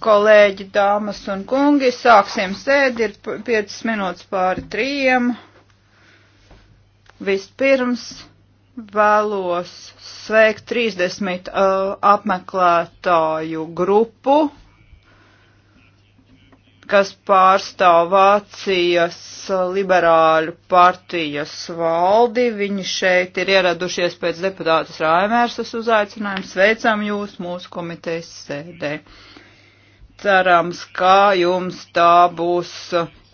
Kolēģi, dāmas un kungi, sāksim sēdi, ir 5 minūtes pāri trījiem. Vispirms vēlos sveikt 30 uh, apmeklētāju grupu kas pārstāv Vācijas liberāļu partijas valdi. Viņi šeit ir ieradušies pēc deputātas Rāmērsas uzaicinājuma. Sveicam jūs mūsu komitejas sēdē. Cerams, kā jums tā būs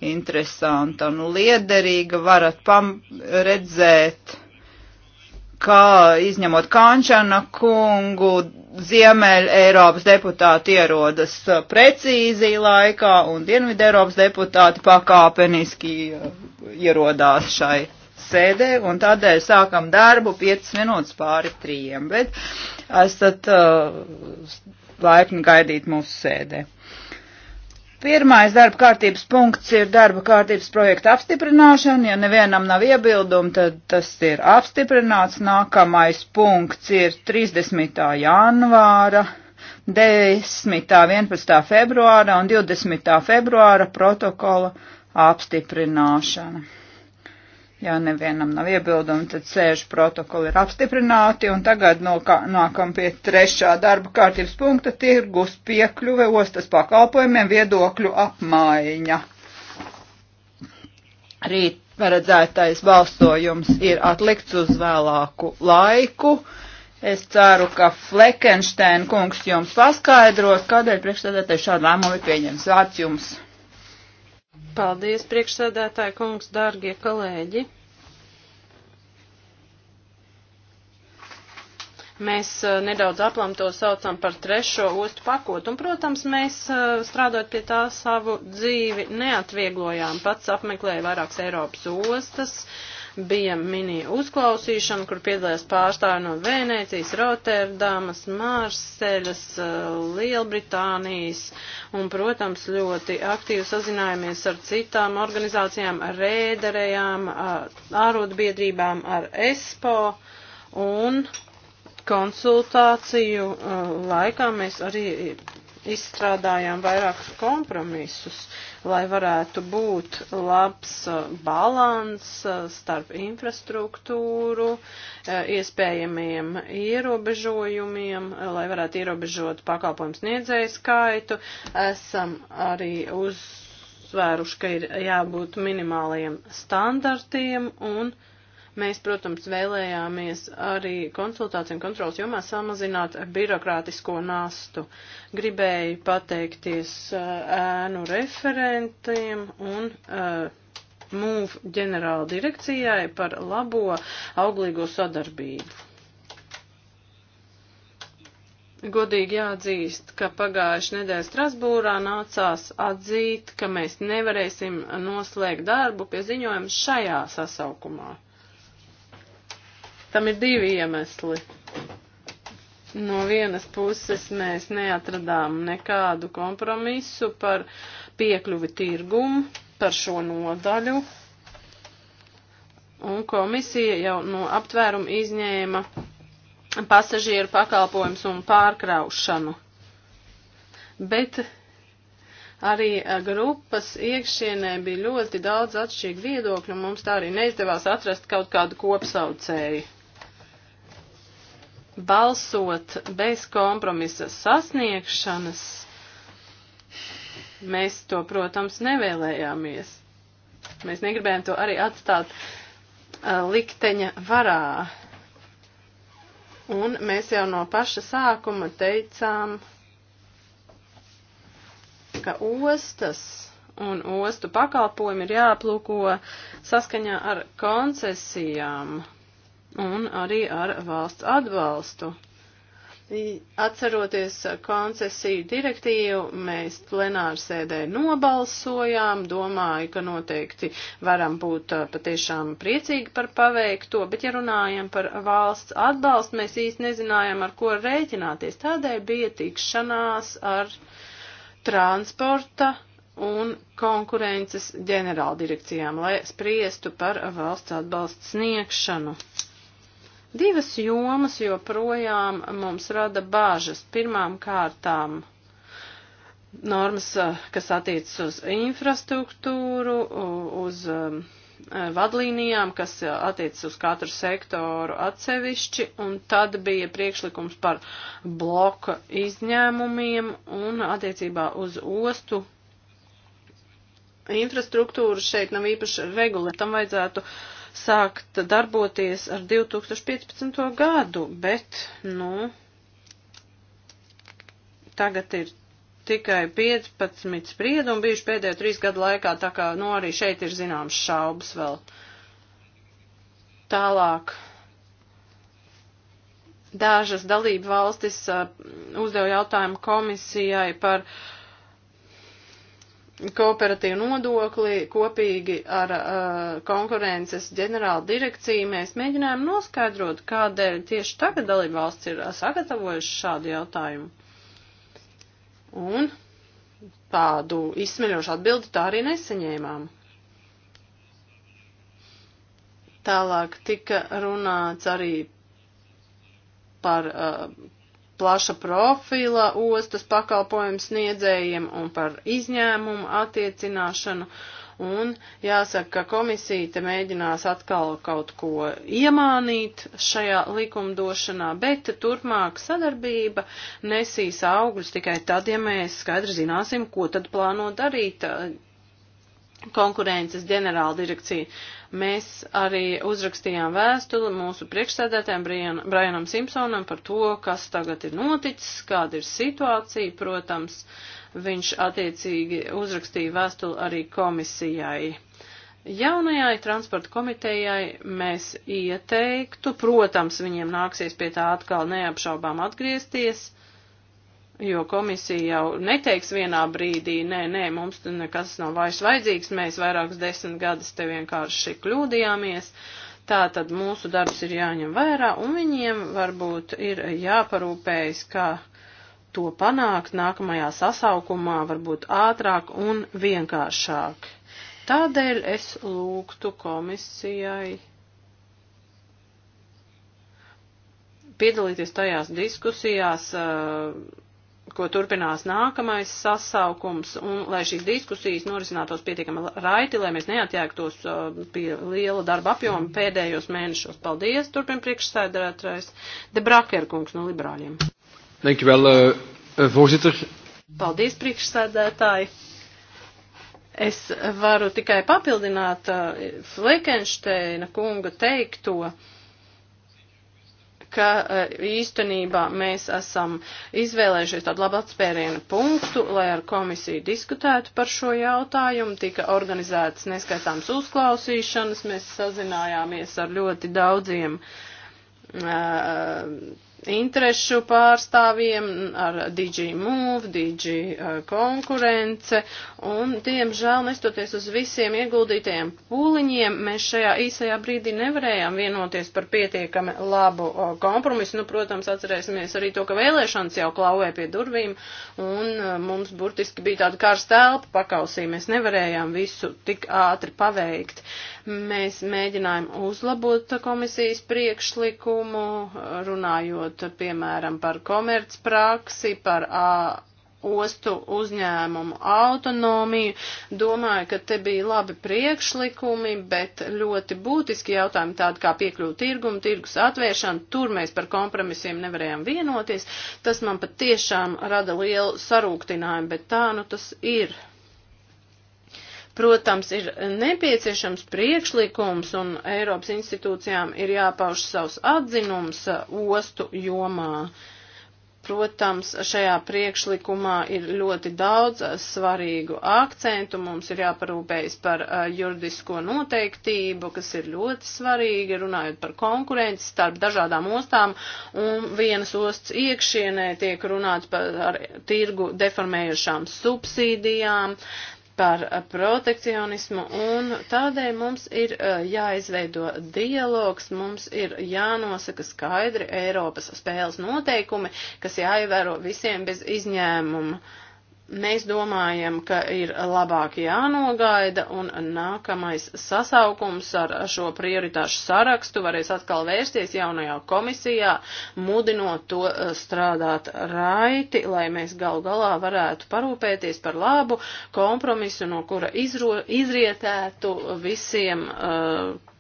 interesanta un liederīga. Varat pam redzēt kā izņemot Kančana kungu, Ziemeļa Eiropas deputāti ierodas uh, precīzi laikā un Dienvidu Eiropas deputāti pakāpeniski uh, ierodās šai sēdē un tādēļ sākam darbu 5 minūtes pāri trījiem, bet esat uh, laipni gaidīt mūsu sēdē. Pirmais darba kārtības punkts ir darba kārtības projekta apstiprināšana. Ja nevienam nav iebildumi, tad tas ir apstiprināts. Nākamais punkts ir 30. janvāra, 10. 11. februāra un 20. februāra protokola apstiprināšana. Ja nevienam nav iebildumi, tad sēžu protokoli ir apstiprināti, un tagad no kā, nākam pie trešā darba kārtības punkta - tirgus piekļuve ostas pakalpojumiem viedokļu apmaiņa. Rīt paredzētais balsojums ir atlikts uz vēlāku laiku. Es ceru, ka Fleckensteina kungs jums paskaidros, kādēļ priekšstādētai šādu lēmumu ir pieņems. Vārds jums! Paldies, priekšsēdētāji kungs, dārgie kolēģi. Mēs eh, nedaudz aplam to saucam par trešo ostu pakotu, un, protams, mēs eh, strādājot pie tā savu dzīvi neatvieglojām. Pats apmeklēju vairākas Eiropas ostas, uh, bija mini uzklausīšana, kur piedalījās pārstāvi no Vēnēcijas, Roterdamas, Mārseļas, Lielbritānijas un, protams, ļoti aktīvi sazinājāmies ar citām organizācijām, ar rēderējām, ārotbiedrībām, ar ESPO un konsultāciju uh, laikā mēs arī izstrādājām vairākus kompromisus, lai varētu būt labs uh, balans uh, starp infrastruktūru, uh, iespējamiem ierobežojumiem, lai varētu ierobežot pakalpojumu sniedzēju skaitu. Esam arī uzsvēruši, ka ir jābūt minimālajiem standartiem un Mēs, protams, vēlējāmies arī konsultāciju un kontrolas jomā samazināt birokrātisko nastu. Gribēju pateikties eh, ēnu referentiem un eh, MUV ģenerāla direkcijai par labo auglīgo sadarbību. Godīgi jāatzīst, ka pagājuši nedēļa Strasbūrā nācās atzīt, ka mēs nevarēsim noslēgt darbu pie ziņojuma šajā sasaukumā. Tam ir divi iemesli. No vienas puses mēs neatradām nekādu kompromisu par piekļuvi tirgumu, par šo nodaļu, un komisija jau no aptvērumu izņēma pasažieru pakalpojums un pārkraušanu. Bet arī eh, grupas iekšienē bija ļoti daudz atšķirīgu viedokļu, un mums tā arī neizdevās atrast kaut kādu kopsaucēju balsot bez kompromisa sasniegšanas, mēs to, protams, nevēlējāmies. Mēs negribējām to arī atstāt uh, likteņa varā. Un mēs jau no paša sākuma teicām, ka ostas un ostu pakalpojumi ir jāplūko saskaņā ar koncesijām un arī ar valsts atbalstu. Atceroties koncesiju direktīvu, mēs plenārsēdē nobalsojām, domāju, ka noteikti varam būt uh, patiešām priecīgi par paveikto, bet ja runājam par valsts atbalstu, mēs īsti nezinājām, ar ko rēķināties. Tādēļ bija tikšanās ar transporta un konkurences ģenerāldirekcijām, lai spriestu par valsts atbalstu sniegšanu. Divas jomas joprojām mums rada bāžas. Pirmām kārtām normas, eh, kas attiecas uz infrastruktūru, uz um, eh, vadlīnijām, kas attiecas uz katru sektoru atsevišķi, un tad bija priekšlikums par bloka izņēmumiem un attiecībā uz ostu infrastruktūru šeit nav īpaši regulēta. Tam vajadzētu uh, sākt darboties ar 2015. gadu, bet, nu, tagad ir tikai 15 spriedumi bijuši pēdējo trīs gadu laikā, tā kā, nu, arī šeit ir zināms šaubas vēl. Tālāk. Dažas dalību valstis uh, uzdeva jautājumu komisijai par uh, kooperatīvu nodokli kopīgi ar uh, konkurences ģenerāla direkciju. Mēs mēģinājām noskaidrot, kādēļ tieši tagad dalībvalsts ir uh, sagatavojuši šādu jautājumu. Un tādu izsmeļošu atbildi tā arī nesaņēmām. Tālāk tika runāts arī par uh, plaša profila ostas pakalpojumu sniedzējiem un par izņēmumu attiecināšanu. Un jāsaka, ka komisija te mēģinās atkal kaut ko iemānīt šajā likumdošanā, bet turpmāk sadarbība nesīs augļus tikai tad, ja mēs skaidri zināsim, ko tad plāno darīt konkurences ģenerāla direkcija. Mēs arī uzrakstījām vēstuli mūsu priekšsēdētājiem Brian, Brianam Simpsonam par to, kas tagad ir noticis, kāda ir situācija. Protams, viņš attiecīgi uzrakstīja vēstuli arī komisijai. Jaunajai transporta komitejai mēs ieteiktu, protams, viņiem nāksies pie tā atkal neapšaubām atgriezties, Jo komisija jau neteiks vienā brīdī, nē, nē, mums te nekas nav vairs vajadzīgs, mēs vairākus desmit gadus te vienkārši kļūdījāmies. Tā tad mūsu darbs ir jāņem vērā, un viņiem varbūt ir jāparūpējas, kā to panākt nākamajā sasaukumā, varbūt ātrāk un vienkāršāk. Tādēļ es lūgtu komisijai piedalīties tajās diskusijās, uh, ko turpinās nākamais sasaukums, un lai šīs diskusijas norisinātos pietiekami raiti, lai mēs neatjēgtos uh, pie liela darba apjoma pēdējos mēnešos. Paldies, turpin priekšsēdētājs Debrakerkungs no liberāļiem. Dankjewel, uh, eh, eh, voorzitter. Paldies, priekšsēdētāji. Es varu tikai papildināt uh, eh, Flekensteina kunga teikto. Uh, ka eh, īstenībā mēs esam izvēlējušies tādu labu atspērienu punktu, lai ar komisiju diskutētu par šo jautājumu. Tika organizētas neskaitāmas uzklausīšanas, mēs sazinājāmies ar ļoti daudziem uh, interešu pārstāvjiem ar DG Move, DG uh, konkurence, un, diemžēl, nestoties uz visiem ieguldītajiem pūliņiem, mēs šajā īsajā brīdī nevarējām vienoties par pietiekami labu uh, kompromisu. Nu, protams, atcerēsimies arī to, ka vēlēšanas jau klauvē pie durvīm, un uh, mums burtiski bija tāda karsta elpa pakausī, mēs nevarējām visu tik ātri paveikt. Mēs mēģinājām uzlabot komisijas priekšlikumu, runājot runājot, piemēram, par komercpraksi, par a, ostu uzņēmumu autonomiju. Domāju, ka te bija labi priekšlikumi, bet ļoti būtiski jautājumi tādi kā piekļūt tirgumu, tirgus atvēršana. Tur mēs par kompromisiem nevarējām vienoties. Tas man pat tiešām rada lielu sarūktinājumu, bet tā nu tas ir. Protams, ir nepieciešams priekšlikums un Eiropas institūcijām ir jāpauž savs atzinums uh, ostu jomā. Protams, šajā priekšlikumā ir ļoti daudz uh, svarīgu akcentu. Mums ir jāparūpējas par uh, juridisko noteiktību, kas ir ļoti svarīga, runājot par konkurenci starp dažādām ostām. Un vienas ostas iekšienē tiek runāts par tirgu deformējušām subsīdijām, par eh, protekcionismu, un tādēļ mums ir eh, jāizveido dialogs, mums ir jānosaka skaidri Eiropas spēles noteikumi, kas jāievēro visiem bez izņēmuma. Uh, mēs domājam, ka ir labāk jānogaida un nākamais sasaukums ar šo prioritāšu sarakstu varēs atkal vērsties jaunajā komisijā, mudinot to uh, strādāt raiti, lai mēs gal galā varētu parūpēties par labu kompromisu, no kura izro, izrietētu visiem uh,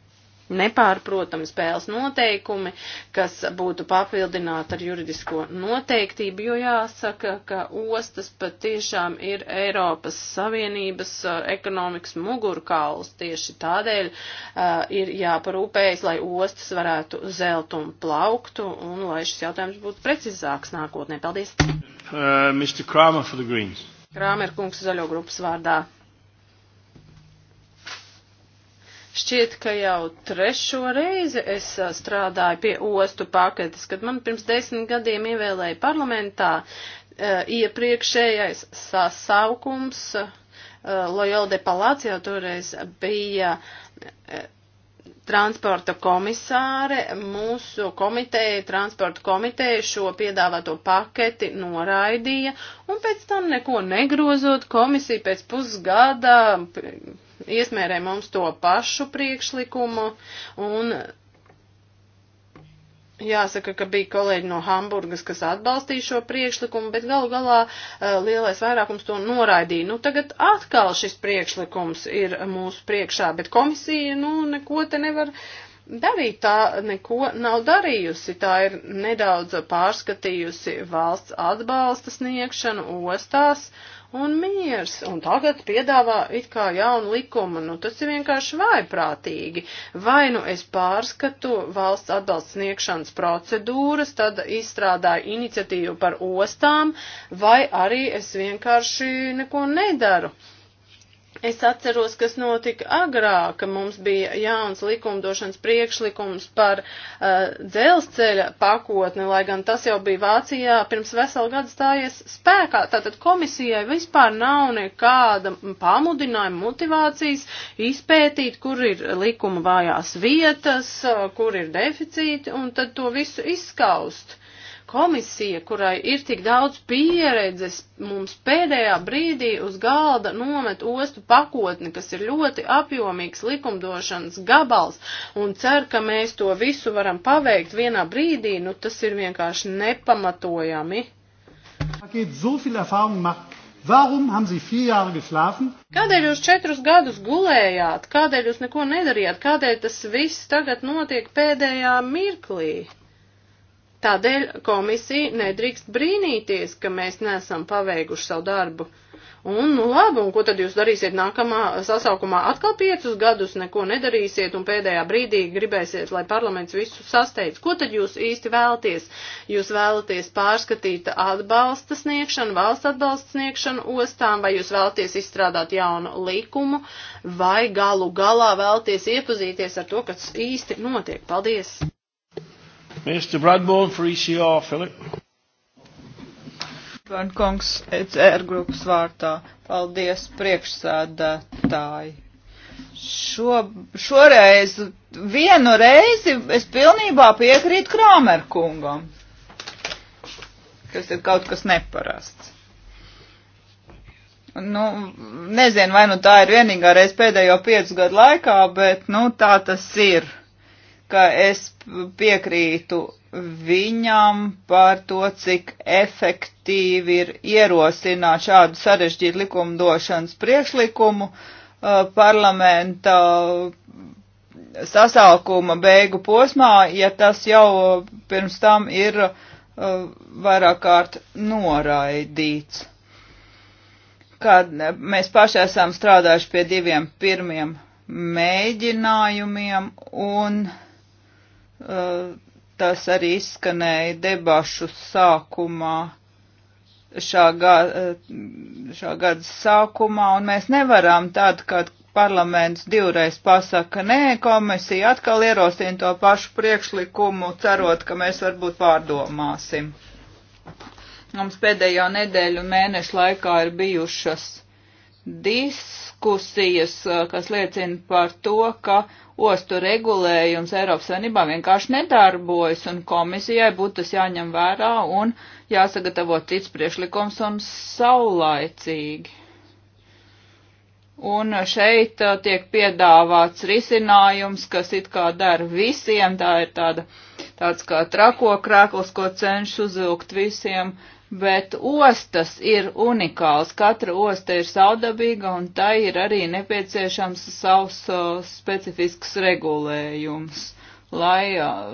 nepārprotami spēles noteikumi, kas būtu papildināti ar juridisko noteiktību, jo jāsaka, ka ostas patiešām ir Eiropas Savienības ekonomikas mugurkauls. Tieši tādēļ uh, ir jāparūpējas, lai ostas varētu zelt un plauktu un lai šis jautājums būtu precizāks nākotnē. Paldies! Uh, Mr. Kramer for the Greens. Krāmer kungs zaļo grupas vārdā. Šķiet, ka jau trešo reizi es strādāju pie ostu paketes, kad man pirms desmit gadiem ievēlēja parlamentā iepriekšējais sasaukums. Loyola de Palacio toreiz bija transporta komisāre, mūsu komiteja, transporta komiteja šo piedāvāto paketi noraidīja, un pēc tam neko negrozot, komisija pēc pusgada iesmērē mums to pašu priekšlikumu un Jāsaka, ka bija kolēģi no Hamburgas, kas atbalstīja šo priekšlikumu, bet galu galā uh, lielais vairākums to noraidīja. Nu, tagad atkal šis priekšlikums ir mūsu priekšā, bet komisija, nu, neko te nevar darīt, tā neko nav darījusi. Tā ir nedaudz pārskatījusi valsts atbalsta sniegšanu ostās. Uh, un miers, un tagad piedāvā it kā jaunu likumu, nu tas ir vienkārši vaiprātīgi. Vai nu es pārskatu valsts atbalsts sniegšanas procedūras, tad izstrādāju iniciatīvu par ostām, vai arī es vienkārši neko nedaru. Es atceros, kas notika agrāk, ka mums bija jauns likumdošanas priekšlikums par uh, dzelzceļa pakotni, lai gan tas jau bija Vācijā pirms veselu gadu stājies spēkā. Tātad komisijai vispār nav nekāda pamudinājuma motivācijas izpētīt, kur ir likuma vājās vietas, uh, kur ir deficīti, un tad to visu izskaust. Uh, komisija, kurai ir tik daudz pieredzes, mums pēdējā brīdī uz galda nomet ostu pakotni, kas ir ļoti apjomīgs likumdošanas gabals, un cer, ka mēs to visu varam paveikt vienā brīdī, nu tas ir vienkārši nepamatojami. Kādēļ jūs četrus gadus gulējāt, kādēļ jūs neko nedarījāt, kādēļ tas viss tagad notiek pēdējā mirklī? Tādēļ komisija nedrīkst brīnīties, ka mēs nesam paveikuši savu darbu. Un, nu labi, un ko tad jūs darīsiet nākamā sasaukumā? Atkal piecus gadus neko nedarīsiet un pēdējā brīdī gribēsiet, lai parlaments visu sasteidz. Ko tad jūs īsti vēlaties? Jūs vēlaties pārskatīt atbalsta sniegšanu, valsts atbalsta sniegšanu ostām, vai jūs vēlaties izstrādāt jaunu likumu, vai galu galā vēlaties iepazīties ar to, kas īsti notiek? Paldies! Mr. Bradbourne for ECR, Philip. Bernkungs, ECR grupas vārtā. Paldies, priekšsēdētāji. Šo, šoreiz vienu reizi es pilnībā piekrītu Krāmerkungam, kas ir kaut kas neparasts. Nu, nezinu, vai nu tā ir vienīgā reize pēdējo piecu gadu laikā, bet, nu, tā tas ir ka es piekrītu viņam par to, cik efektīvi ir ierosināt šādu sarežģītu likumdošanas priekšlikumu uh, parlamenta sasaukuma beigu posmā, ja tas jau pirms tam ir uh, vairāk kārt noraidīts. Kad mēs paši esam strādājuši pie diviem pirmiem mēģinājumiem un uh, Tas arī izskanēja debašu sākumā šā, ga, šā gada sākumā, un mēs nevaram tad, kad parlaments divreiz pasaka nē, komisija atkal ierosina to pašu priekšlikumu, cerot, ka mēs varbūt pārdomāsim. Mums pēdējo nedēļu un mēnešu laikā ir bijušas diskusijas, eh, kas liecina par to, ka ostu regulējums Eiropas Savienībā vienkārši nedarbojas un komisijai būtu tas jāņem vērā un jāsagatavo cits priekšlikums un saulaicīgi. Un šeit eh, tiek piedāvāts risinājums, kas it kā dara visiem, tā ir tāda, tāds kā trako krēkls, ko cenšas uzvilkt visiem, uh, bet ostas ir unikāls. Katra osta ir saudabīga un tai ir arī nepieciešams savs uh, specifisks regulējums, lai uh,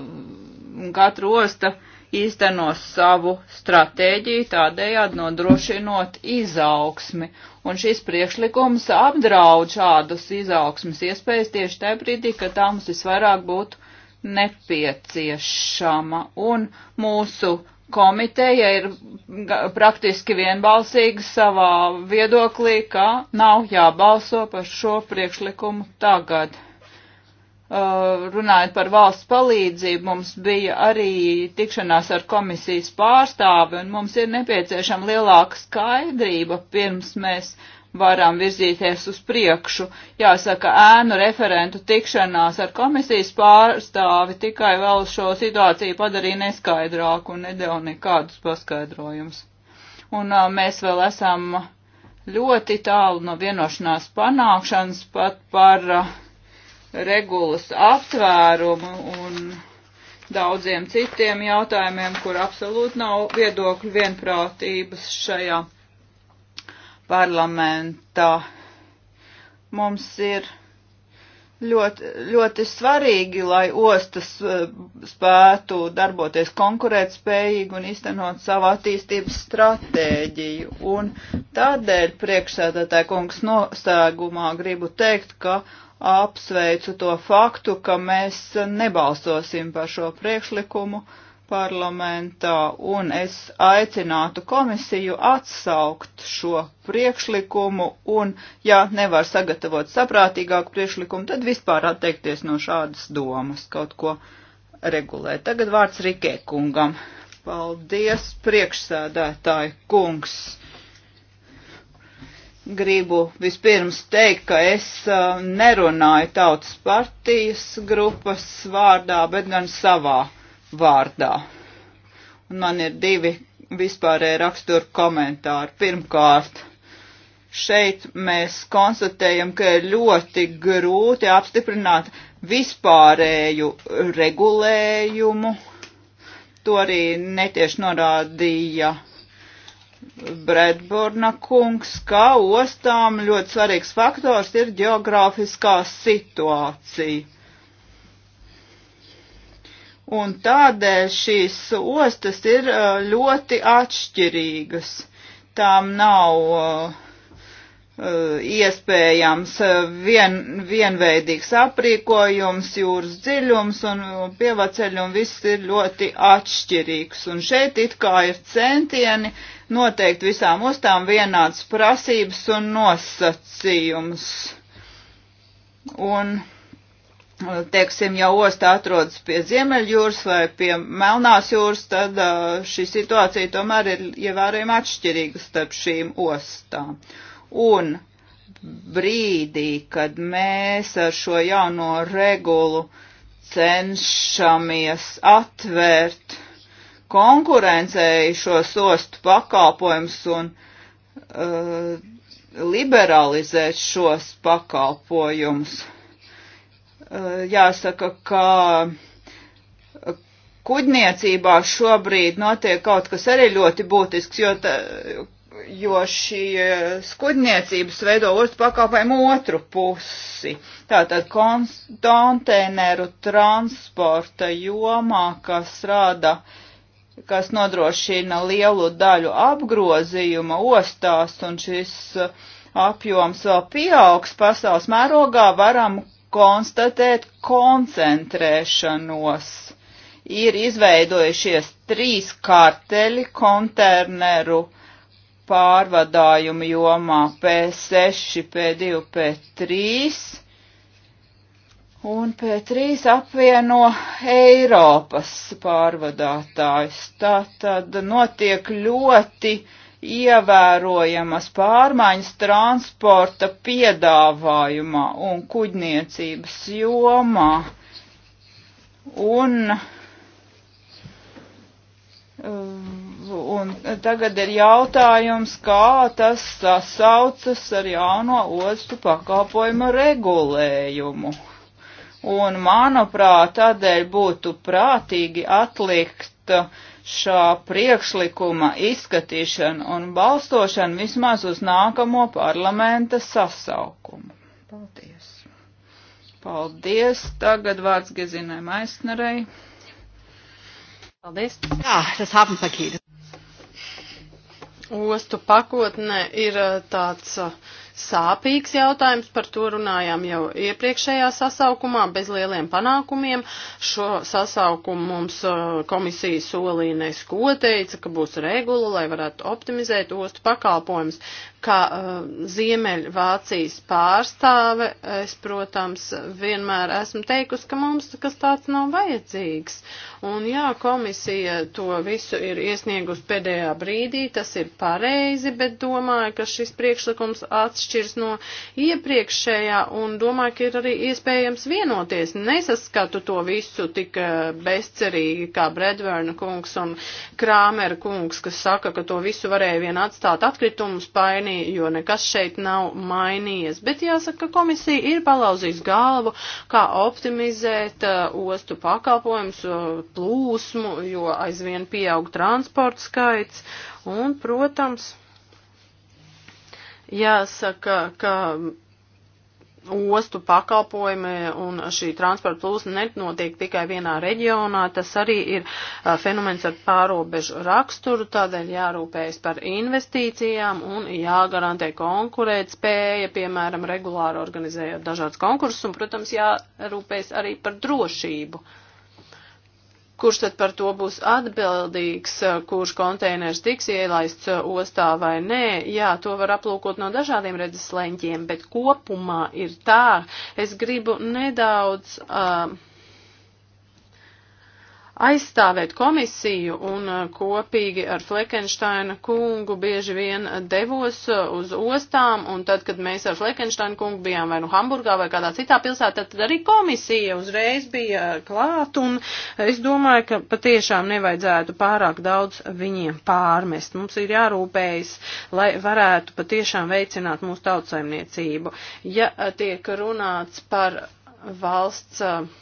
katra osta īstenos savu stratēģiju, tādējādi nodrošinot izaugsmi. Un šis priekšlikums apdraud šādas izaugsmas iespējas tieši tajā brīdī, kad tā mums visvairāk būtu nepieciešama. Un mūsu komiteja ir praktiski vienbalsīga savā viedoklī, ka nav jābalso par šo priekšlikumu tagad. Uh, runājot par valsts palīdzību, mums bija arī tikšanās ar komisijas pārstāvi, un mums ir nepieciešama lielāka skaidrība, pirms mēs varam virzīties uz priekšu. Jāsaka, ēnu referentu tikšanās ar komisijas pārstāvi tikai vēl šo situāciju padarīja neskaidrāku un nedēļ nekādus paskaidrojumus. Un uh, mēs vēl esam ļoti tālu no vienošanās panākšanas pat par uh, regulas aptvērumu un daudziem citiem jautājumiem, kur absolūti nav viedokļu vienprātības šajā parlamentā. Mums ir ļoti, ļoti svarīgi, lai ostas eh, spētu darboties konkurētspējīgi un iztenot savu attīstības stratēģiju. Un tādēļ priekšsēdētāja kungs nostāgumā gribu teikt, ka apsveicu to faktu, ka mēs nebalsosim par šo priekšlikumu. Uh, parlamentā, un es aicinātu komisiju atsaukt šo priekšlikumu, un, ja nevar sagatavot saprātīgāku priekšlikumu, tad vispār atteikties no šādas domas kaut ko regulēt. Tagad vārds Rikē kungam. Paldies, priekšsēdētāji kungs. Gribu vispirms teikt, ka es nerunāju tautas partijas grupas vārdā, bet gan savā vārdā. Un man ir divi vispārēji rakstura komentāri. Pirmkārt, šeit mēs konstatējam, ka ir ļoti grūti apstiprināt vispārēju regulējumu. To arī netieši norādīja Bredborna kungs, ka ostām ļoti svarīgs faktors ir geogrāfiskā situācija un tādēļ šīs ostas ir uh, ļoti atšķirīgas. Tām nav uh, uh iespējams uh, vien, vienveidīgs aprīkojums, jūras dziļums un pievaceļi un viss ir ļoti atšķirīgs. Un šeit it kā ir centieni noteikt visām ostām vienāds prasības un nosacījums. Un teiksim, ja osta atrodas pie Ziemeļjūras vai pie Melnās jūras, tad šī situācija tomēr ir ievērojami atšķirīga starp šīm ostām. Un brīdī, kad mēs ar šo jauno regulu cenšamies atvērt konkurencei šos ostu pakalpojumus un uh, liberalizēt šos pakalpojumus, uh, Eh, jāsaka, ka eh, kuģniecībā šobrīd notiek kaut kas arī ļoti būtisks, jo, ta, jo šī skudniecības veido ostu pakalpojumu otru pusi. Tātad konteineru transporta jomā, kas rada, kas nodrošina lielu daļu apgrozījuma ostās un šis eh, apjoms vēl pieaugs pasaules mērogā, varam konstatēt koncentrēšanos. Ir izveidojušies trīs karteļi konterneru pārvadājumu jomā P6, P2, P3 un P3 apvieno Eiropas pārvadātājus. Tā tad notiek ļoti uh, ievērojamas pārmaiņas transporta piedāvājumā un kuģniecības jomā. Un, uh, un tagad ir jautājums, kā tas sasaucas ar jauno ostu pakalpojumu regulējumu. Un, manuprāt, tādēļ būtu prātīgi atlikt uh, šā priekšlikuma izskatīšanu un balstošanu vismaz uz nākamo parlamenta sasaukumu. Paldies! Paldies! Tagad vārds Gezinai Maisnerei. Paldies! Jā, tas hapmpakīte. Ostu pakotne ir eh, tāds uh, sāpīgs jautājums, par to runājām jau iepriekšējā sasaukumā, bez lieliem panākumiem. Šo sasaukumu mums uh, komisija solīja nesko teica, ka būs regula, lai varētu optimizēt ostu pakalpojumus, kā uh, Ziemeļvācijas pārstāve, es, protams, vienmēr esmu teikusi, ka mums kas tāds nav vajadzīgs. Un jā, komisija to visu ir iesniegusi pēdējā brīdī, tas ir pareizi, bet domāju, ka šis priekšlikums atšķirs no iepriekšējā un domāju, ka ir arī iespējams vienoties. Nesaskatu to visu tik uh, bezcerīgi kā Bredverna kungs un Krāmera kungs, kas saka, ka to visu varēja vien atstāt atkritumus painīt līmenī, jo nekas šeit nav mainījies. Bet jāsaka, ka komisija ir palauzījis galvu, kā optimizēt uh, ostu pakalpojumus, uh, plūsmu, jo aizvien pieaug transporta skaits. Un, protams, jāsaka, ka ostu pakalpojumi un šī transporta plūsma nenotiek tikai vienā reģionā, tas arī ir a, fenomens ar pārobežu raksturu, tādēļ jārūpējas par investīcijām un jāgarantē konkurēt spēja, piemēram, regulāri organizējot dažādas konkursus un, protams, jārūpējas arī par drošību. Uh, kurš tad par to būs atbildīgs, eh, kurš konteiners tiks ielaists eh, ostā vai nē. Jā, to var aplūkot no dažādiem redzes leņķiem, bet kopumā ir tā. Es gribu nedaudz. Uh, aizstāvēt komisiju un uh, kopīgi ar Fleckensteina kungu bieži vien devos uh, uz ostām, un tad, kad mēs ar Fleckensteina kungu bijām vai nu Hamburgā vai kādā citā pilsētā, tad arī komisija uzreiz bija uh, klāt, un es domāju, ka patiešām nevajadzētu pārāk daudz viņiem pārmest. Mums ir jārūpējas, lai varētu patiešām veicināt mūsu tautsaimniecību. Ja tiek runāts par valsts uh,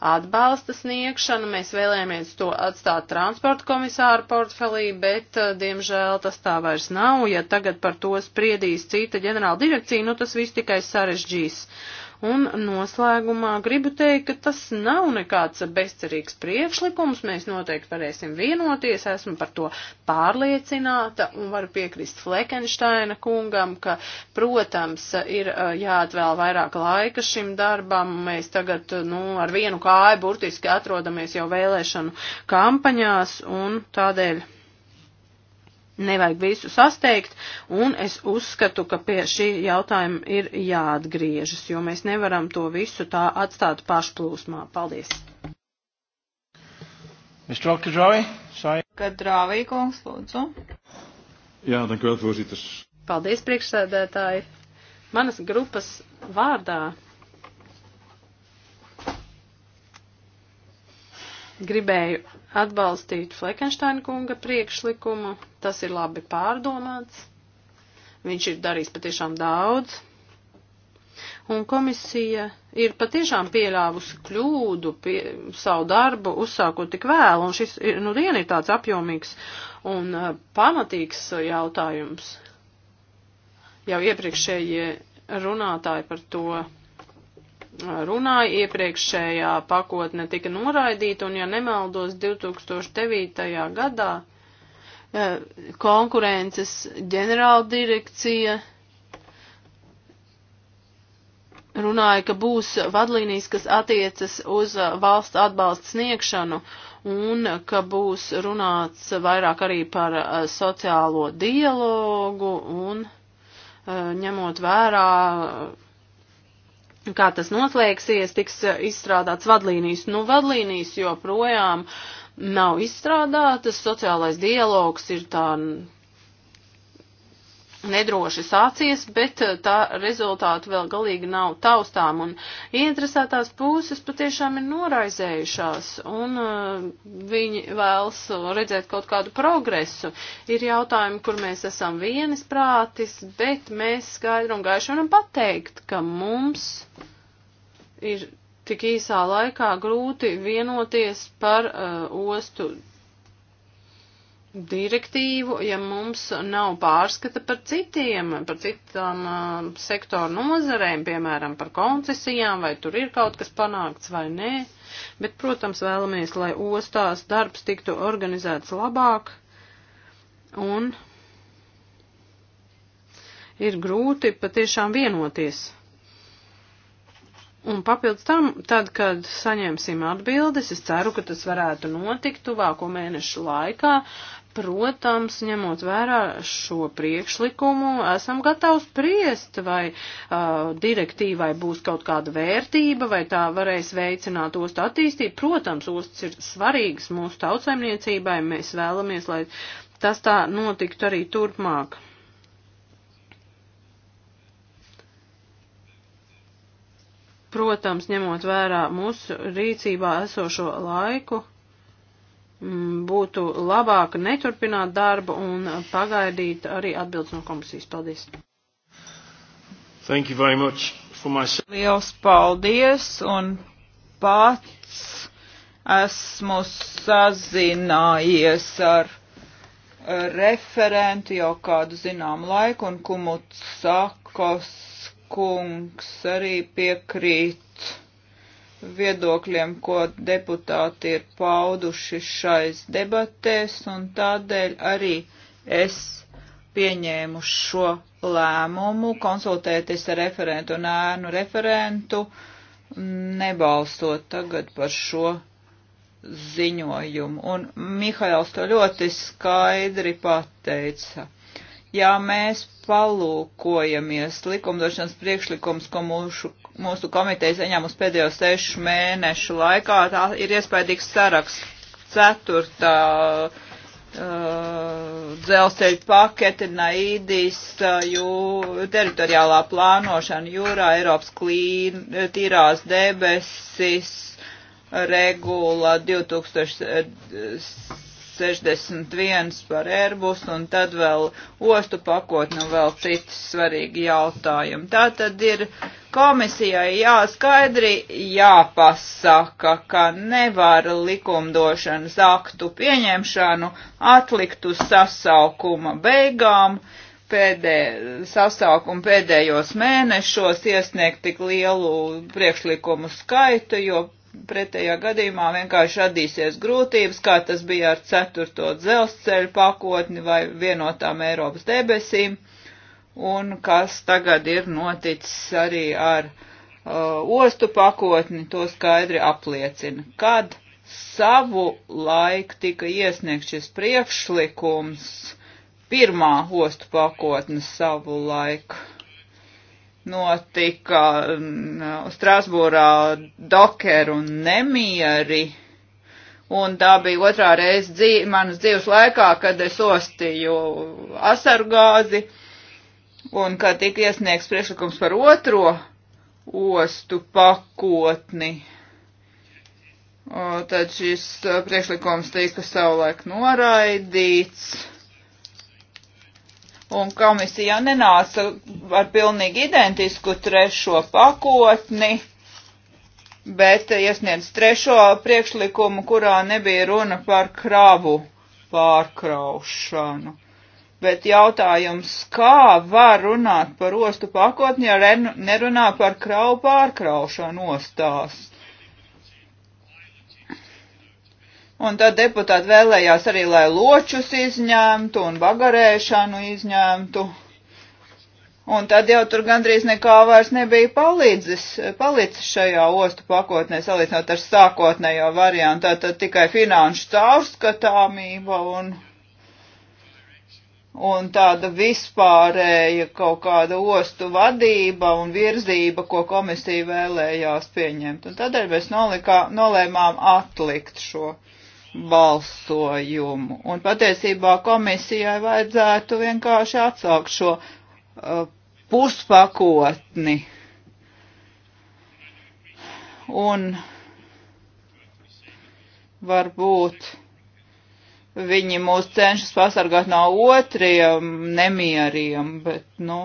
atbalsta sniegšanu. Mēs vēlējāmies to atstāt transporta komisāru portfelī, bet, uh, diemžēl, tas tā vairs nav. Ja tagad par to spriedīs cita ģenerāla direkcija, nu tas viss tikai sarežģīs. Uh, Un noslēgumā gribu teikt, ka tas nav nekāds bezcerīgs priekšlikums. Mēs noteikti varēsim vienoties. Esmu par to pārliecināta un varu piekrist Fleckensteina kungam, ka, protams, ir jāatvēl vairāk laika šim darbam. Mēs tagad, nu, ar vienu kāju burtiski atrodamies jau vēlēšanu kampaņās un tādēļ Nevajag visu sasteigt, un es uzskatu, ka pie šī jautājuma ir jāatgriežas, jo mēs nevaram to visu tā atstāt pašplūsmā. Paldies! Mr. Kadravi, sorry. Kadravi, kungs, lūdzu. Jā, dank u wel, voorzitter. Paldies, priekšsēdētāji. Manas grupas vārdā gribēju atbalstīt Fleckensteina kunga priekšlikumu. Tas ir labi pārdomāts. Viņš ir darījis patiešām daudz. Un komisija ir patiešām pieļāvusi kļūdu pie savu darbu, uzsākot tik vēlu, un šis ir, nu, dien ir tāds apjomīgs un uh, pamatīgs jautājums. Jau iepriekšējie runātāji par to runāja, iepriekšējā pakotne tika noraidīta, un, ja nemaldos, 2009. gadā eh, konkurences ģenerāldirekcija runāja, ka būs vadlīnijas, kas attiecas uz valsts atbalstu sniegšanu, un ka būs runāts vairāk arī par eh, sociālo dialogu un eh, ņemot vērā kā tas noslēgsies, tiks eh, izstrādāts vadlīnijas. Nu, vadlīnijas joprojām nav izstrādātas, sociālais dialogs ir tā nedroši sācies, bet eh, tā rezultāti vēl galīgi nav taustām, un ieinteresētās puses patiešām ir noraizējušās, un uh, viņi vēlas redzēt kaut kādu progresu. Ir jautājumi, kur mēs esam vienas prātis, bet mēs skaidri un gaiši varam pateikt, ka mums ir tik īsā laikā grūti vienoties par uh, ostu direktīvu, ja mums nav pārskata par citiem, par citām uh, sektoru nozarēm, piemēram, par koncesijām, vai tur ir kaut kas panākts vai nē. Bet, protams, vēlamies, lai ostās darbs tiktu organizēts labāk un ir grūti patiešām vienoties. Un papildus tam, tad, kad saņemsim atbildes, es ceru, ka tas varētu notikt tuvāko mēnešu laikā, uh, Protams, ņemot vērā šo priekšlikumu, esam gatavi spriest, vai uh, direktīvai būs kaut kāda vērtība, vai tā varēs veicināt ostu attīstību. Protams, ostas ir svarīgas mūsu tautsaimniecībai, mēs vēlamies, lai tas tā notiktu arī turpmāk. Protams, ņemot vērā mūsu rīcībā esošo laiku. Mm, būtu labāk neturpināt darbu un pagaidīt arī atbildes no komisijas. Paldies! Thank you very much for my... Liels paldies un pats esmu sazinājies ar referentu jau kādu zinām laiku un Kumutsakos kungs arī piekrīt viedokļiem, ko deputāti ir pauduši šais debatēs, un tādēļ arī es pieņēmu šo lēmumu konsultēties ar referentu un ēnu referentu, nebalstot tagad par šo ziņojumu. Un Mihails to ļoti skaidri pateica Ja mēs palūkojamies likumdošanas priekšlikums, ko mūsu, mūsu komiteja saņem uz pēdējo sešu mēnešu laikā, tā ir iespējams saraksts. Ceturtā Uh, dzelzceļa pakete, naidīs, uh, jū, teritoriālā plānošana jūrā, Eiropas klīn, tīrās debesis, regula 2007. 61 par Airbus un tad vēl ostu pakotni nu un vēl citi svarīgi jautājumi. Tā tad ir komisijai jāskaidri jāpasaka, ka nevar likumdošanas aktu pieņemšanu atlikt uz sasaukuma beigām pēdē, sasaukuma pēdējos mēnešos iesniegt tik lielu priekšlikumu skaitu, jo Pretējā gadījumā vienkārši radīsies grūtības, kā tas bija ar ceturto dzelzceļu pakotni vai vienotām Eiropas debesīm, un kas tagad ir noticis arī ar uh, ostu pakotni, to skaidri apliecina. Kad savu laiku tika iesniegts šis priekšlikums, pirmā ostu pakotne savu laiku notika mm, Strasbūrā dokeru nemieri. Un tā bija otrā reize dzīv, manas dzīves laikā, kad es ostīju asargāzi un kad tika iesniegts priekšlikums par otro ostu pakotni. O, tad šis priekšlikums tika savulaik noraidīts un komisija nenāca ar pilnīgi identisku trešo pakotni, bet iesniedz trešo priekšlikumu, kurā nebija runa par kravu pārkraušanu. Bet jautājums, kā var runāt par ostu pakotni, ja nerunā par kravu pārkraušanu ostās? Un tad deputāti vēlējās arī, lai ločus izņemtu un bagarēšanu izņemtu. Un tad jau tur gandrīz nekā vairs nebija palīdzis, palicis šajā ostu pakotnē, salīdzinot ar sākotnējo variantu. Tātad tikai finanšu caurskatāmība un, un tāda vispārēja kaut kāda ostu vadība un virzība, ko komisija vēlējās pieņemt. Un tādēļ mēs nolikā, nolēmām atlikt šo balsojumu. Un patiesībā komisijai vajadzētu vienkārši atsaukt šo uh, puspakotni. Un varbūt viņi mūs cenšas pasargāt no otriem nemieriem, bet, nu. No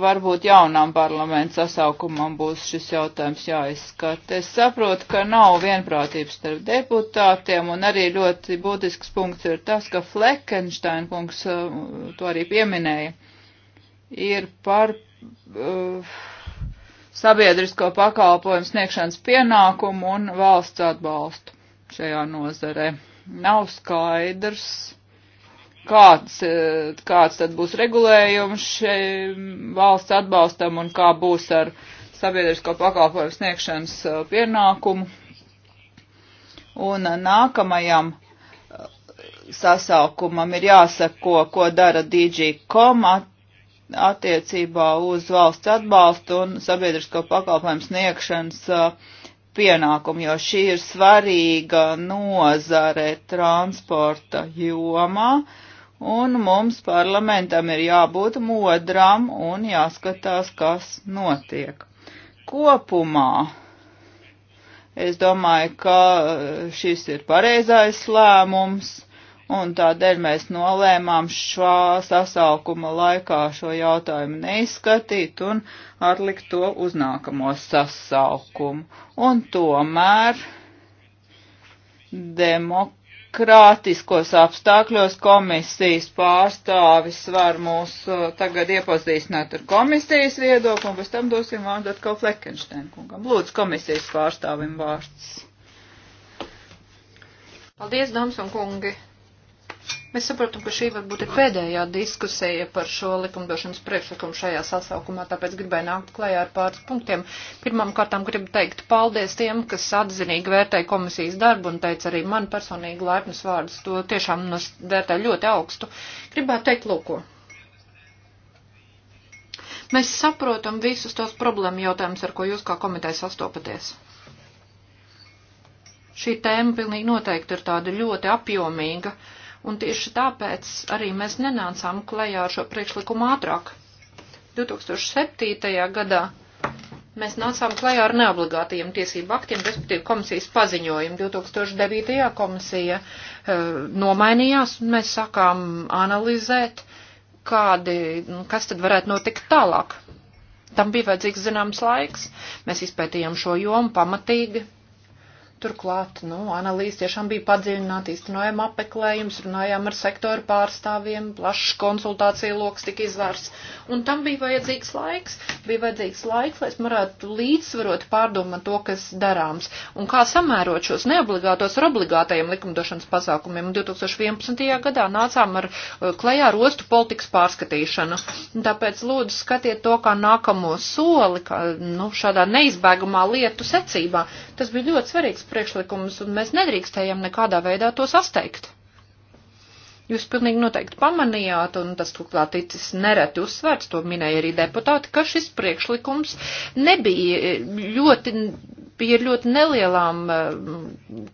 varbūt jaunām parlamentu sasaukumam būs šis jautājums jāizskata. Es saprotu, ka nav vienprātības starp deputātiem, un arī ļoti būtisks punkts ir tas, ka Fleckenstein kungs uh, to arī pieminēja, ir par uh, sabiedrisko pakalpojumu sniegšanas pienākumu un valsts atbalstu šajā nozarē. Nav skaidrs kāds, eh, kāds tad būs regulējums šiem valsts atbalstam un kā būs ar sabiedrisko pakalpojumu sniegšanas eh, pienākumu. Un eh, nākamajam sasaukumam ir jāsako, ko dara DG.com attiecībā uz valsts atbalstu un sabiedrisko pakalpojumu sniegšanas pienākumu, jo šī ir svarīga nozare transporta jomā. Uh, un mums parlamentam ir jābūt modram un jāskatās, kas notiek. Kopumā es domāju, ka eh, šis ir pareizais lēmums un tādēļ mēs nolēmām šā sasaukuma laikā šo jautājumu neizskatīt un atlikt to uz nākamo sasaukumu. Un tomēr demok demokrātiskos apstākļos komisijas pārstāvis var mūs uh, tagad iepazīstināt ar komisijas viedokli, un pēc tam dosim vārdu atkal Fleckenstein kungam. Lūdzu, komisijas pārstāvim vārds. Paldies, dāmas un kungi! Mēs saprotam, ka šī varbūt ir pēdējā diskusija par šo likumdošanas priekšlikumu šajā sasaukumā, tāpēc gribēju nākt klajā ar pāris punktiem. Pirmām kārtām gribu teikt paldies tiem, kas atzinīgi vērtēja komisijas darbu un teica arī man personīgi laipnus vārdus. To tiešām vērtē ļoti augstu. Gribētu teikt lūko. Mēs saprotam visus tos problēmu jautājumus, ar ko jūs kā komiteja sastopaties šī tēma pilnīgi noteikti ir tāda ļoti apjomīga un tieši tāpēc arī mēs nenācām klajā ar šo priekšlikumu ātrāk. 2007. gadā mēs nācām klajā ar neobligātajiem tiesību aktiem, respektīvi komisijas paziņojumu. 2009. komisija e, nomainījās un mēs sākām analizēt, kādi, nu, kas tad varētu notikt tālāk. Tam bija vajadzīgs zināms laiks. Mēs izpētījām šo jomu pamatīgi, Turklāt, nu, analīze tiešām bija padziļināta, īstenojām apmeklējums, runājām ar sektoru pārstāvjiem, plašs konsultācija loks tika izvērsts, un tam bija vajadzīgs laiks, bija vajadzīgs laiks, lai es varētu līdzsvarot pārdomāt to, kas darāms, un kā samērot šos neobligātos ar obligātajiem likumdošanas pasākumiem, un 2011. gadā nācām ar uh, klajā ar ostu politikas pārskatīšanu, un tāpēc lūdzu skatiet to kā nākamo soli, kā, nu, šādā neizbēgamā lietu secībā, tas bija ļoti svarīgs priekšlikumus, un mēs nedrīkstējam nekādā veidā to sasteigt. Jūs pilnīgi noteikti pamanījāt, un tas turklāt ticis nereti uzsvērts, to minēja arī deputāti, ka šis priekšlikums nebija ļoti pie ļoti nelielām eh,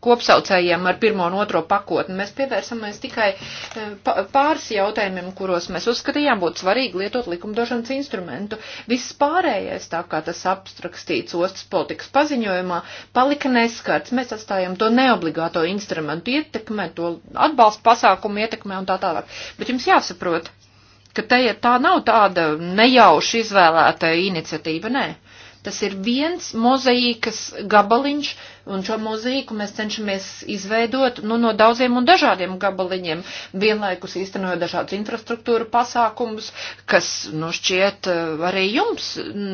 kopsaucējiem ar pirmo un otro pakotni. Mēs pievērsamies tikai eh, pāris jautājumiem, kuros mēs uzskatījām būtu svarīgi lietot likumdošanas instrumentu. Viss pārējais, tā kā tas apstrakstīts ostas politikas paziņojumā, palika neskarts. Mēs atstājam to neobligāto instrumentu ietekmē, to atbalstu pasākumu ietekmē un tā tālāk. Bet jums jāsaprot, ka te, tā nav tāda nejauši izvēlēta iniciatīva, nē. Ne Tas ir viens mozaīkas gabaliņš, un šo mozaīku mēs cenšamies izveidot nu, no daudziem un dažādiem gabaliņiem. Vienlaikus īstenojot dažādus infrastruktūra pasākumus, kas, nu, šķiet, eh, arī jums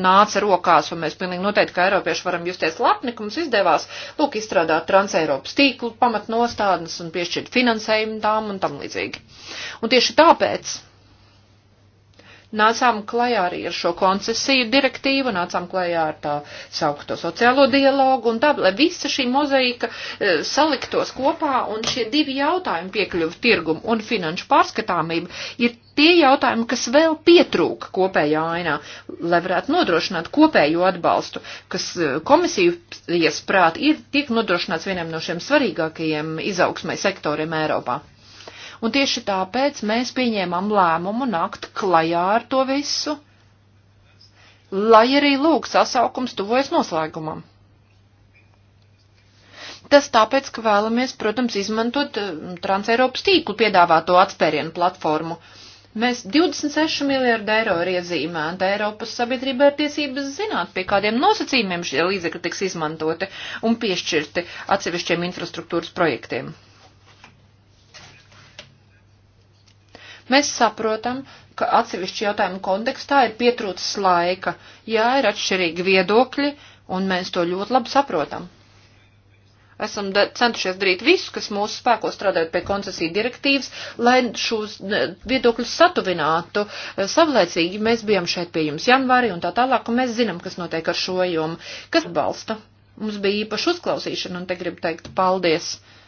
nāca rokās, un mēs pilnīgi noteikti, kā Eiropieši, varam justies lepni, ka mums izdevās, lūk, izstrādāt Transeiropas tīklu pamatnostādnes un piešķirt finansējumu tām un tam līdzīgi. Un tieši tāpēc nācām klajā arī ar šo koncesiju direktīvu, nācām klajā ar tā saukto sociālo dialogu un tā, lai visa šī mozaika e, saliktos kopā un šie divi jautājumi piekļuvu tirgumu un finanšu pārskatāmību ir tie jautājumi, kas vēl pietrūka kopējā ainā, lai varētu nodrošināt kopējo atbalstu, kas e, komisijas prāt ir tiek nodrošināts vienam no šiem svarīgākajiem izaugsmai sektoriem Eiropā. Un tieši tāpēc mēs pieņēmām lēmumu nakt klajā ar to visu, lai arī lūk sasaukums tuvojas noslēgumam. Tas tāpēc, ka vēlamies, protams, izmantot mm, Transeiropas tīklu piedāvāto atspērienu platformu. Mēs 26 miljārdu eiro ir iezīmēta. Eiropas sabiedrība ir tiesības zināt, pie kādiem nosacījumiem šie līdzekļi tiks izmantoti un piešķirti atsevišķiem infrastruktūras projektiem. Mēs saprotam, ka atsevišķi jautājumu kontekstā ir pietrūcis laika, jā, ir atšķirīgi viedokļi, un mēs to ļoti labi saprotam. Esam centušies darīt visu, kas mūsu spēkos strādājot pie koncesiju direktīvas, lai šos viedokļus satuvinātu eh, savlaicīgi. Mēs bijām šeit pie jums janvārī un tā tālāk, un mēs zinām, kas notiek ar šo jomu. Kas balsta? Mums bija īpaša uzklausīšana, un te gribu teikt paldies. Uh,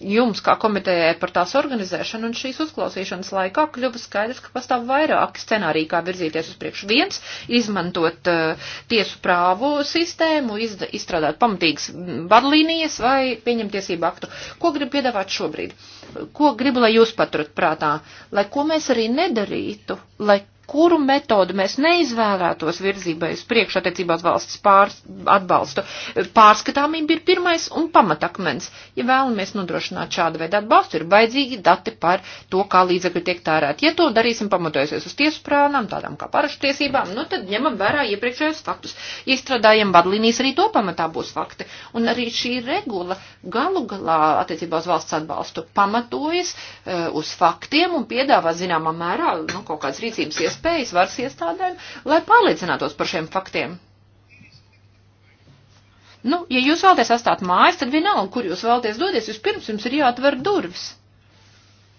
jums, kā komitējai, par tās organizēšanu un šīs uzklausīšanas laikā kļuva skaidrs, ka pastāv vairāki scenāriji, kā virzīties uz priekšu. Viens - izmantot uh, tiesu prāvu sistēmu, iz, izstrādāt pamatīgas vadlīnijas vai pieņemt tiesību aktu. Ko gribu piedāvāt šobrīd? Ko gribu, lai jūs paturat prātā? Lai ko mēs arī nedarītu, lai kuru metodu mēs neizvēlētos virzībai uz priekšu attiecībā uz valsts pārs, atbalstu, pārskatāmība ir pirmais un pamatakmens. Ja vēlamies nodrošināt šādu veidu atbalstu, ir vajadzīgi dati par to, kā līdzekļi tiek tērēti. Ja to darīsim pamatojusies uz tiesu prānām, tādām kā parašu tiesībām, nu tad ņemam vērā iepriekšējos faktus. Izstrādājam vadlīnijas, arī to pamatā būs fakti. Un arī šī regula galu galā attiecībā uz valsts atbalstu pamatojas uh, uz faktiem un piedāvā zināmā mērā nu, kaut kādas rīcības iespējas iespējas varas iestādēm, lai pārliecinātos par šiem faktiem. Nu, ja jūs vēlaties atstāt mājas, tad vienalga, kur jūs vēlaties doties, vispirms jums ir jāatver durvis.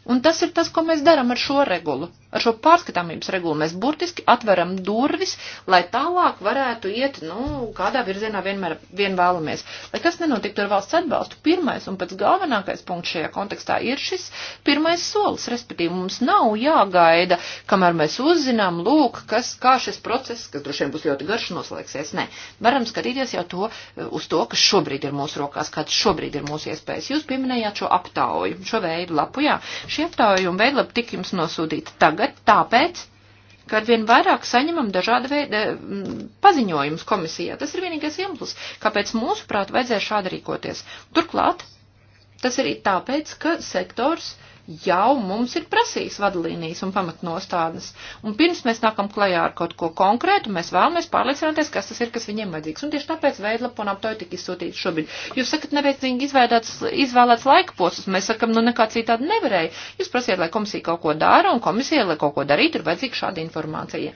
Un tas ir tas, ko mēs darām ar šo regulu. Ar šo pārskatāmības regulu mēs burtiski atveram durvis, lai tālāk varētu iet, nu, kādā virzienā vienmēr vien vēlamies. Lai kas nenotiktu ar valsts atbalstu, pirmais un pēc galvenākais punkts šajā kontekstā ir šis pirmais solis, respektīvi mums nav jāgaida, kamēr mēs uzzinām, lūk, kas, kā šis process, kas droši vien būs ļoti garš, noslēgsies. Nē, varam skatīties jau to, uz to, kas šobrīd ir mūsu rokās, kāds šobrīd ir mūsu iespējas. Jūs pieminējāt šo aptauju, šo veidu lapu, jā. Šie aptaujumi veidlapi tik jums nosūtīti tagad tagad, tāpēc, ka arvien vairāk saņemam dažāda veida paziņojumus komisijā. Tas ir vienīgais iemesls, kāpēc mūsuprāt vajadzēja šādi rīkoties. Turklāt, tas arī tāpēc, ka sektors uh, jau mums ir prasījis vadlīnijas un pamatnostādnes. Un pirms mēs nākam klajā ar kaut ko konkrētu, mēs vēlamies pārliecināties, kas tas ir, kas viņiem vajadzīgs. Un tieši tāpēc veidlapa un aptauja tik izsūtīta šobrīd. Jūs sakat, neveiksmīgi izvēlēts laika posms. Mēs sakam, nu nekā citādi nevarēja. Jūs prasiet, lai komisija kaut ko dara un komisija, lai kaut ko darītu, ir vajadzīga šāda informācija.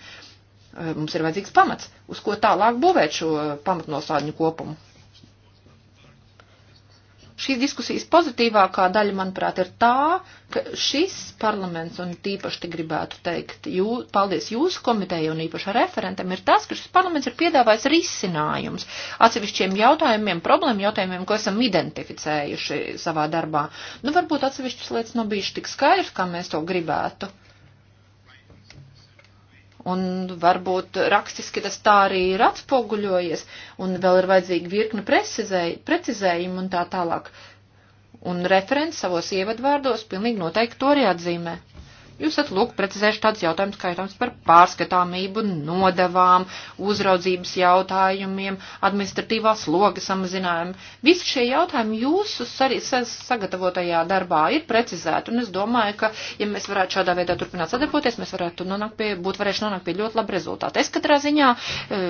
Mums ir vajadzīgs pamats, uz ko tālāk būvēt šo pamatnostādņu kopumu. Šīs diskusijas pozitīvākā daļa, manuprāt, ir tā, ka šis parlaments, un tīpaši te gribētu teikt, jū, paldies jūsu komiteju un īpaši referentam, ir tas, ka šis parlaments ir piedāvājis risinājums atsevišķiem jautājumiem, problēmu jautājumiem, ko esam identificējuši savā darbā. Nu, varbūt atsevišķas lietas nav bijušas tik skaidrs, kā mēs to gribētu. Un varbūt rakstiski tas tā arī ir atspoguļojies, un vēl ir vajadzīga virkne precizējumu un tā tālāk. Un referents savos ievadvārdos pilnīgi noteikti to arī atzīmē. Jūs esat lūk precizējuši tāds jautājums, kā jautājums par pārskatāmību, nodevām, uzraudzības jautājumiem, administratīvā sloga samazinājumu. Visi šie jautājumi jūsu sagatavotajā darbā ir precizēti, un es domāju, ka, ja mēs varētu šādā veidā turpināt sadarboties, mēs varētu nonākt pie, būt varējuši nonākt pie ļoti laba rezultāta. Es katrā ziņā, e,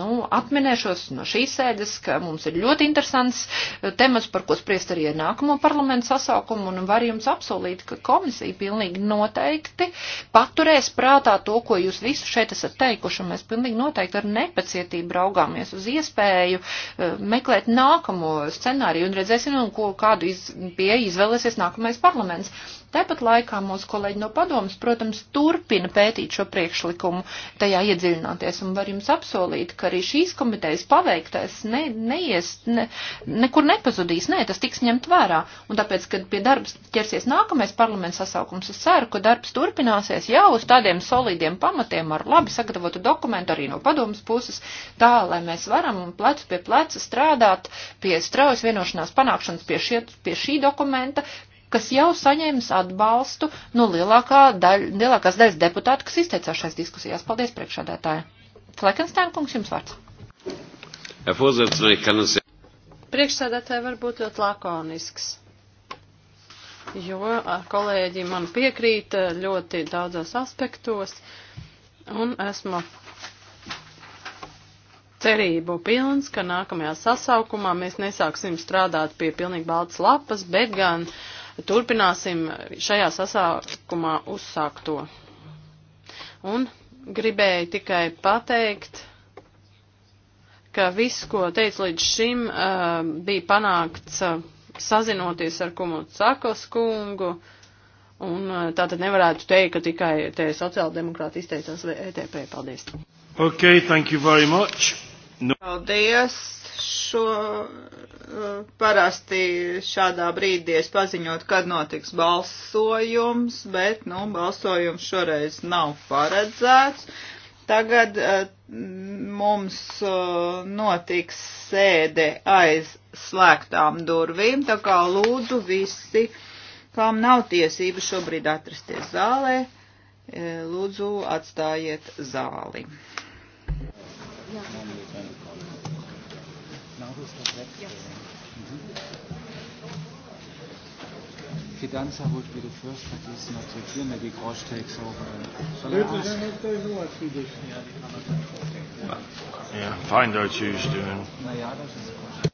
nu, atminēšos no šīs sēdes, ka mums ir ļoti interesants e, temats, par ko spriest arī nākamo parlamentu sasaukumu, un var jums apsolīt, ka komisija pilnīgi noteikti noteikti paturēs prātā to, ko jūs visu šeit esat teikuši, un mēs pilnīgi noteikti ar nepacietību raugāmies uz iespēju eh, meklēt nākamo scenāriju un redzēsim, un ko, kādu iz, pieeju izvēlēsies nākamais parlaments. Tāpat laikā mūsu kolēģi no padomas, protams, turpina pētīt šo priekšlikumu, tajā iedziļināties un var jums apsolīt, ka arī šīs komitejas paveiktais ne, neies, ne, nekur nepazudīs. Nē, tas tiks ņemt vērā. Un tāpēc, kad pie darbs ķersies nākamais parlaments sasaukums, es ceru, ka darbs turpināsies jau uz tādiem solīdiem pamatiem ar labi sagatavotu dokumentu arī no padomas puses, tā, lai mēs varam plecu pie pleca strādāt pie straujas vienošanās panākšanas pie, šie, pie šī dokumenta, kas jau saņēmis atbalstu no lielākā daļ, lielākās daļas deputātu, kas izteicās šais diskusijās. Paldies, priekšādātāji. Flekensteina kungs, jums vārds. Priekšsēdētāji var būt ļoti lakonisks, jo kolēģi man piekrīt ļoti daudzos aspektos un esmu cerību pilns, ka nākamajā sasaukumā mēs nesāksim strādāt pie pilnīgi baltas lapas, bet gan uh, turpināsim šajā sasākumā uzsākto. Un gribēju tikai pateikt, ka viss, ko teicu līdz šim, eh, bija panākts eh, sazinoties ar Kumu Cakos kungu, un eh, tā tad nevarētu teikt, ka tikai te sociāldemokrāti izteicās vai ETP. Paldies! Okay, thank you very much. No. Paldies! šo eh, parasti šādā brīdī es paziņot, kad notiks balsojums, bet, nu, balsojums šoreiz nav paredzēts. Tagad eh, mums eh, notiks sēde aiz slēgtām durvīm, tā kā lūdzu visi, kam nav tiesības šobrīd atrasties zālē, lūdzu atstājiet zāli. Jā. Fidanza would be the first, but he's not so clear. Maybe Grosch takes over. Shall I ask? Yeah, find out who's doing. Naja, das ist Grosch.